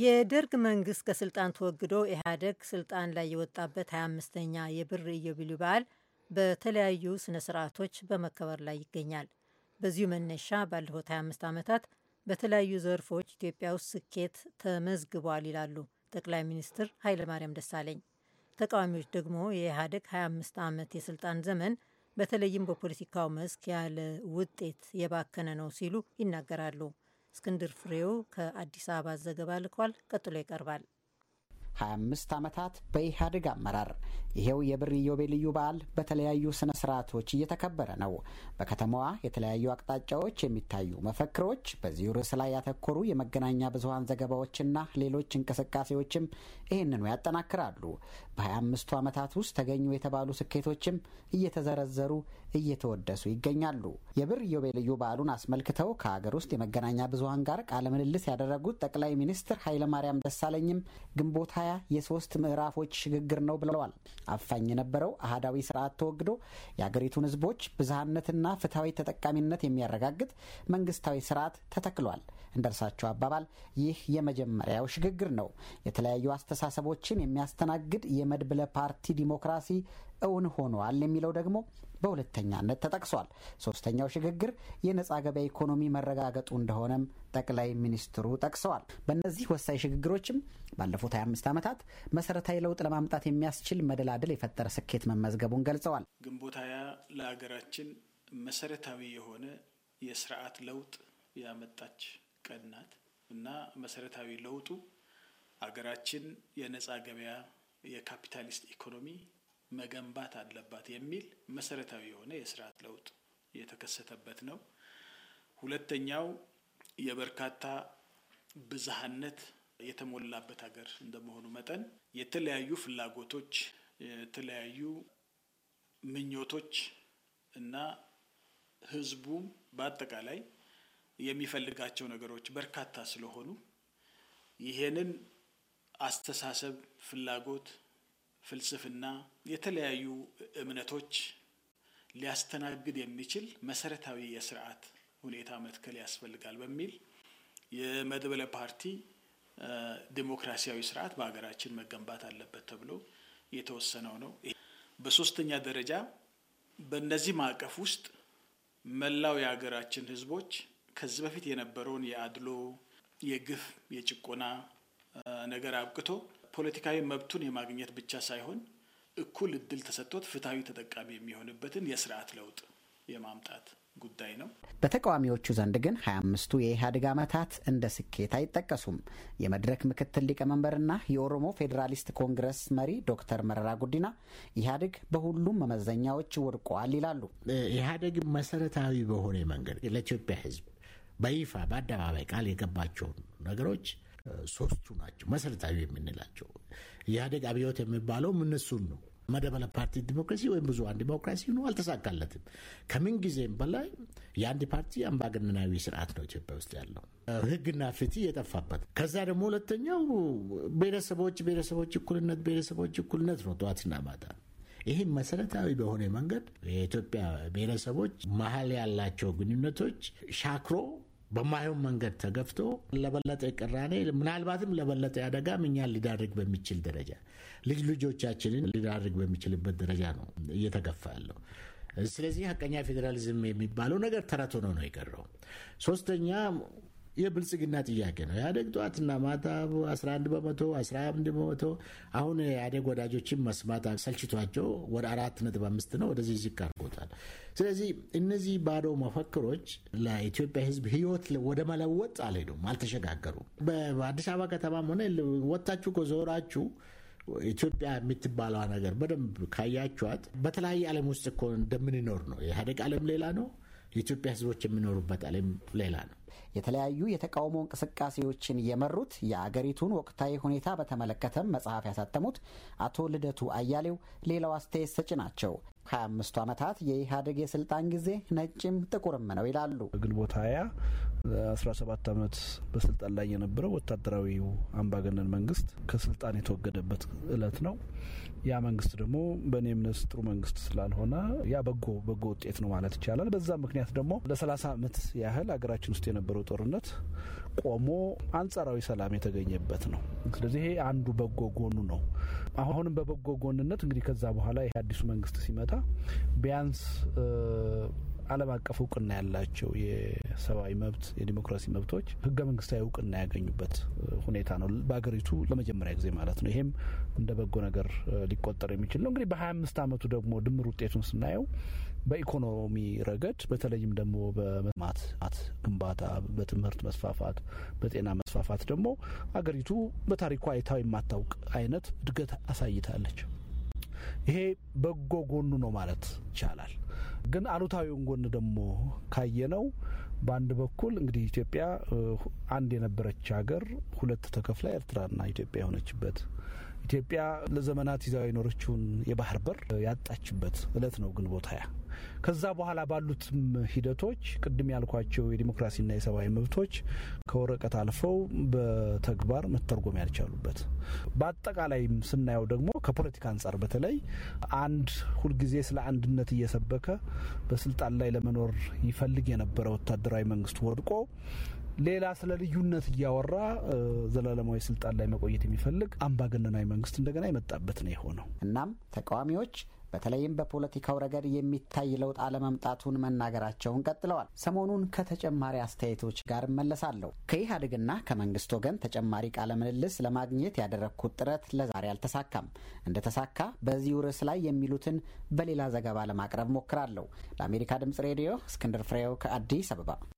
የደርግ መንግስት ከስልጣን ተወግዶ ኢህአደግ ስልጣን ላይ የወጣበት 25ኛ የብር ኢዮቤልዩ በዓል በተለያዩ ስነ ስርዓቶች በመከበር ላይ ይገኛል። በዚሁ መነሻ ባለፉት 25 ዓመታት በተለያዩ ዘርፎች ኢትዮጵያ ውስጥ ስኬት ተመዝግቧል ይላሉ ጠቅላይ ሚኒስትር ኃይለማርያም ደሳለኝ። ተቃዋሚዎች ደግሞ የኢህአደግ 25 ዓመት የስልጣን ዘመን በተለይም በፖለቲካው መስክ ያለ ውጤት የባከነ ነው ሲሉ ይናገራሉ። እስክንድር ፍሬው ከአዲስ አበባ ዘገባ ልኳል። ቀጥሎ ይቀርባል። 25 ዓመታት በኢህአዴግ አመራር ይሄው የብር ኢዮቤልዩ በዓል በተለያዩ ስነ ስርዓቶች እየተከበረ ነው። በከተማዋ የተለያዩ አቅጣጫዎች የሚታዩ መፈክሮች፣ በዚሁ ርዕስ ላይ ያተኮሩ የመገናኛ ብዙሀን ዘገባዎችና ሌሎች እንቅስቃሴዎችም ይህንኑ ያጠናክራሉ። በ25ቱ ዓመታት ውስጥ ተገኙ የተባሉ ስኬቶችም እየተዘረዘሩ እየተወደሱ ይገኛሉ። የብር ኢዮቤልዩ በዓሉን አስመልክተው ከሀገር ውስጥ የመገናኛ ብዙሀን ጋር ቃለ ምልልስ ያደረጉት ጠቅላይ ሚኒስትር ኃይለማርያም ደሳለኝም ግንቦታ ሀያ የሶስት ምዕራፎች ሽግግር ነው ብለዋል። አፋኝ የነበረው አህዳዊ ስርዓት ተወግዶ የአገሪቱን ህዝቦች ብዝሃነትና ፍትሐዊ ተጠቃሚነት የሚያረጋግጥ መንግስታዊ ስርዓት ተተክሏል። እንደ አባባል ይህ የመጀመሪያው ሽግግር ነው። የተለያዩ አስተሳሰቦችን የሚያስተናግድ የመድብለ ፓርቲ ዲሞክራሲ እውን ሆኗል የሚለው ደግሞ በሁለተኛነት ተጠቅሷል። ሶስተኛው ሽግግር የነጻ ገበያ ኢኮኖሚ መረጋገጡ እንደሆነም ጠቅላይ ሚኒስትሩ ጠቅሰዋል። በእነዚህ ወሳኝ ሽግግሮችም ባለፉት 25 ዓመታት መሰረታዊ ለውጥ ለማምጣት የሚያስችል መደላድል የፈጠረ ስኬት መመዝገቡን ገልጸዋል። ግንቦት ሃያ ለሀገራችን መሰረታዊ የሆነ የስርዓት ለውጥ ያመጣች ቀን ናት እና መሰረታዊ ለውጡ አገራችን የነጻ ገበያ የካፒታሊስት ኢኮኖሚ መገንባት አለባት የሚል መሰረታዊ የሆነ የስርዓት ለውጥ የተከሰተበት ነው። ሁለተኛው የበርካታ ብዝሃነት የተሞላበት ሀገር እንደመሆኑ መጠን የተለያዩ ፍላጎቶች፣ የተለያዩ ምኞቶች እና ህዝቡ በአጠቃላይ የሚፈልጋቸው ነገሮች በርካታ ስለሆኑ ይሄንን አስተሳሰብ፣ ፍላጎት፣ ፍልስፍና የተለያዩ እምነቶች ሊያስተናግድ የሚችል መሰረታዊ የስርዓት ሁኔታ መትከል ያስፈልጋል በሚል የመድበለ ፓርቲ ዲሞክራሲያዊ ስርዓት በሀገራችን መገንባት አለበት ተብሎ የተወሰነው ነው። በሶስተኛ ደረጃ በእነዚህ ማዕቀፍ ውስጥ መላው የሀገራችን ህዝቦች ከዚህ በፊት የነበረውን የአድሎ የግፍ የጭቆና ነገር አብቅቶ ፖለቲካዊ መብቱን የማግኘት ብቻ ሳይሆን እኩል እድል ተሰጥቶት ፍትሐዊ ተጠቃሚ የሚሆንበትን የስርዓት ለውጥ የማምጣት ጉዳይ ነው። በተቃዋሚዎቹ ዘንድ ግን 25 አምስቱ የኢህአዴግ ዓመታት እንደ ስኬት አይጠቀሱም። የመድረክ ምክትል ሊቀመንበርና የኦሮሞ ፌዴራሊስት ኮንግረስ መሪ ዶክተር መረራ ጉዲና ኢህአዴግ በሁሉም መመዘኛዎች ወድቋል ይላሉ። ኢህአዴግ መሰረታዊ በሆነ መንገድ ለኢትዮጵያ ህዝብ በይፋ በአደባባይ ቃል የገባቸውን ነገሮች ሶስቱ ናቸው መሰረታዊ የምንላቸው። ኢህአዴግ አብዮት የሚባለውም እነሱን ነው። መደበለ ፓርቲ ዲሞክራሲ ወይም ብዙሃን ዲሞክራሲ ነው፣ አልተሳካለትም። ከምን ጊዜም በላይ የአንድ ፓርቲ አምባገነናዊ ስርዓት ነው ኢትዮጵያ ውስጥ ያለው፣ ህግና ፍትህ የጠፋበት። ከዛ ደግሞ ሁለተኛው ብሔረሰቦች ብሔረሰቦች እኩልነት ብሔረሰቦች እኩልነት ነው ጠዋትና ማታ። ይህም መሰረታዊ በሆነ መንገድ የኢትዮጵያ ብሔረሰቦች መሀል ያላቸው ግንኙነቶች ሻክሮ በማይሆን መንገድ ተገፍቶ ለበለጠ ቅራኔ ምናልባትም ለበለጠ አደጋም እኛ ሊዳርግ በሚችል ደረጃ ልጅ ልጆቻችንን ሊዳርግ በሚችልበት ደረጃ ነው እየተገፋ ያለው። ስለዚህ ሀቀኛ ፌዴራሊዝም የሚባለው ነገር ተረት ሆኖ ነው የቀረው። ሶስተኛ የብልጽግና ጥያቄ ነው። ኢህአዴግ ጠዋትና ማታ 11 በመቶ 11 በመቶ አሁን ኢህአዴግ ወዳጆችን መስማት ሰልችቷቸው ወደ አምስት ነው ወደዚህ ዝቅ አድርጎታል። ስለዚህ እነዚህ ባዶ መፈክሮች ለኢትዮጵያ ህዝብ ህይወት ወደ መለወጥ አልሄዱም፣ አልተሸጋገሩም። በአዲስ አበባ ከተማም ሆነ ወጥታችሁ ከዞራችሁ ኢትዮጵያ የምትባለዋ ነገር በደንብ ካያችኋት በተለያየ ዓለም ውስጥ እኮ እንደምንኖር ነው። የኢህአዴግ ዓለም ሌላ ነው። የኢትዮጵያ ሕዝቦች የሚኖሩበት ዓለም ሌላ ነው። የተለያዩ የተቃውሞ እንቅስቃሴዎችን የመሩት የአገሪቱን ወቅታዊ ሁኔታ በተመለከተም መጽሐፍ ያሳተሙት አቶ ልደቱ አያሌው ሌላው አስተያየት ሰጭ ናቸው። ሀያ አምስቱ ዓመታት የኢህአዴግ የስልጣን ጊዜ ነጭም ጥቁርም ነው ይላሉ። ግንቦት ሃያ ለ ሰባት ዓመት በስልጣን ላይ የነበረው ወታደራዊው አምባገነን መንግስት ከስልጣን የተወገደበት እለት ነው። ያ መንግስት ደግሞ በእኔ እምነት ጥሩ መንግስት ስላልሆነ ያ በጎ በጎ ውጤት ነው ማለት ይቻላል። በዛ ምክንያት ደግሞ ለሰላሳ ዓመት ያህል ሀገራችን ውስጥ የነበረው ጦርነት ቆሞ አንጻራዊ ሰላም የተገኘበት ነው። ስለዚህ ይሄ አንዱ በጎ ጎኑ ነው። አሁንም በበጎ ጎንነት እንግዲህ ከዛ በኋላ ይሄ አዲሱ መንግስት ሲመጣ ቢያንስ ዓለም አቀፍ እውቅና ያላቸው የሰብአዊ መብት የዲሞክራሲ መብቶች ህገ መንግስታዊ እውቅና ያገኙበት ሁኔታ ነው በሀገሪቱ ለመጀመሪያ ጊዜ ማለት ነው። ይሄም እንደ በጎ ነገር ሊቆጠር የሚችል ነው። እንግዲህ በሀያ አምስት አመቱ ደግሞ ድምር ውጤቱን ስናየው በኢኮኖሚ ረገድ በተለይም ደግሞ በማት ግንባታ፣ በትምህርት መስፋፋት፣ በጤና መስፋፋት ደግሞ አገሪቱ በታሪኳ አይታ የማታውቅ አይነት እድገት አሳይታለች። ይሄ በጎ ጎኑ ነው ማለት ይቻላል። ግን አሉታዊውን ጎን ደግሞ ካየ ነው በአንድ በኩል እንግዲህ ኢትዮጵያ አንድ የነበረች ሀገር ሁለት ተከፍላ ኤርትራና ኢትዮጵያ የሆነችበት ኢትዮጵያ ለዘመናት ይዛው የኖረችውን የባህር በር ያጣችበት እለት ነው ግንቦት ሃያ ከዛ በኋላ ባሉትም ሂደቶች ቅድም ያልኳቸው የዲሞክራሲና የሰብአዊ መብቶች ከወረቀት አልፈው በተግባር መተርጎም ያልቻሉበት፣ በአጠቃላይም ስናየው ደግሞ ከፖለቲካ አንጻር በተለይ አንድ ሁልጊዜ ስለ አንድነት እየሰበከ በስልጣን ላይ ለመኖር ይፈልግ የነበረ ወታደራዊ መንግስት ወድቆ ሌላ ስለ ልዩነት እያወራ ዘላለማዊ ስልጣን ላይ መቆየት የሚፈልግ አምባገነናዊ መንግስት እንደገና የመጣበት ነው የሆነው። እናም ተቃዋሚዎች በተለይም በፖለቲካው ረገድ የሚታይ ለውጥ አለመምጣቱን መናገራቸውን ቀጥለዋል። ሰሞኑን ከተጨማሪ አስተያየቶች ጋር እመለሳለሁ። ከኢህአዴግና ከመንግስት ወገን ተጨማሪ ቃለ ምልልስ ለማግኘት ያደረግኩት ጥረት ለዛሬ አልተሳካም። እንደተሳካ በዚሁ ርዕስ ላይ የሚሉትን በሌላ ዘገባ ለማቅረብ ሞክራለሁ። ለአሜሪካ ድምጽ ሬዲዮ እስክንድር ፍሬው ከአዲስ አበባ